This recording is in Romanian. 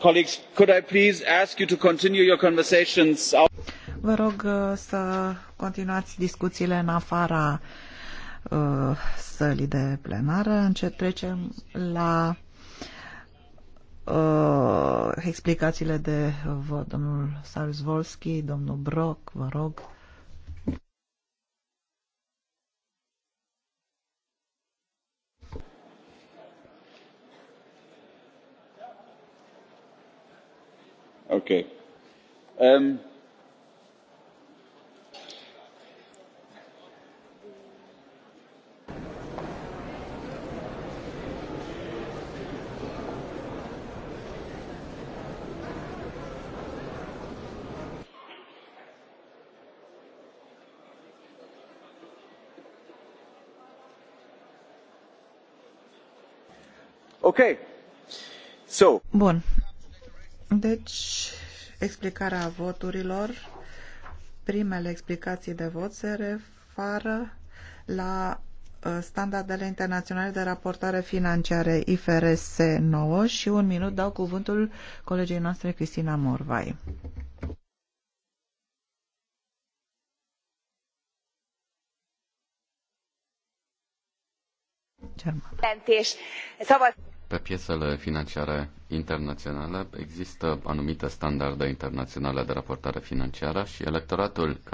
Colleagues, could I please ask you to continue your conversations Vă rog uh, să continuați discuțiile în afara uh, sălii de plenară. Încet trecem la uh, explicațiile de vot. Domnul Sarus domnul Brock, vă rog. Okay. Um, So. Bun. Deci, explicarea voturilor, primele explicații de vot se refară la uh, standardele internaționale de raportare financiare IFRS 9 și un minut dau cuvântul colegii noastre Cristina Morvai. German. Pe piețele financiare internaționale există anumite standarde internaționale de raportare financiară și electoratul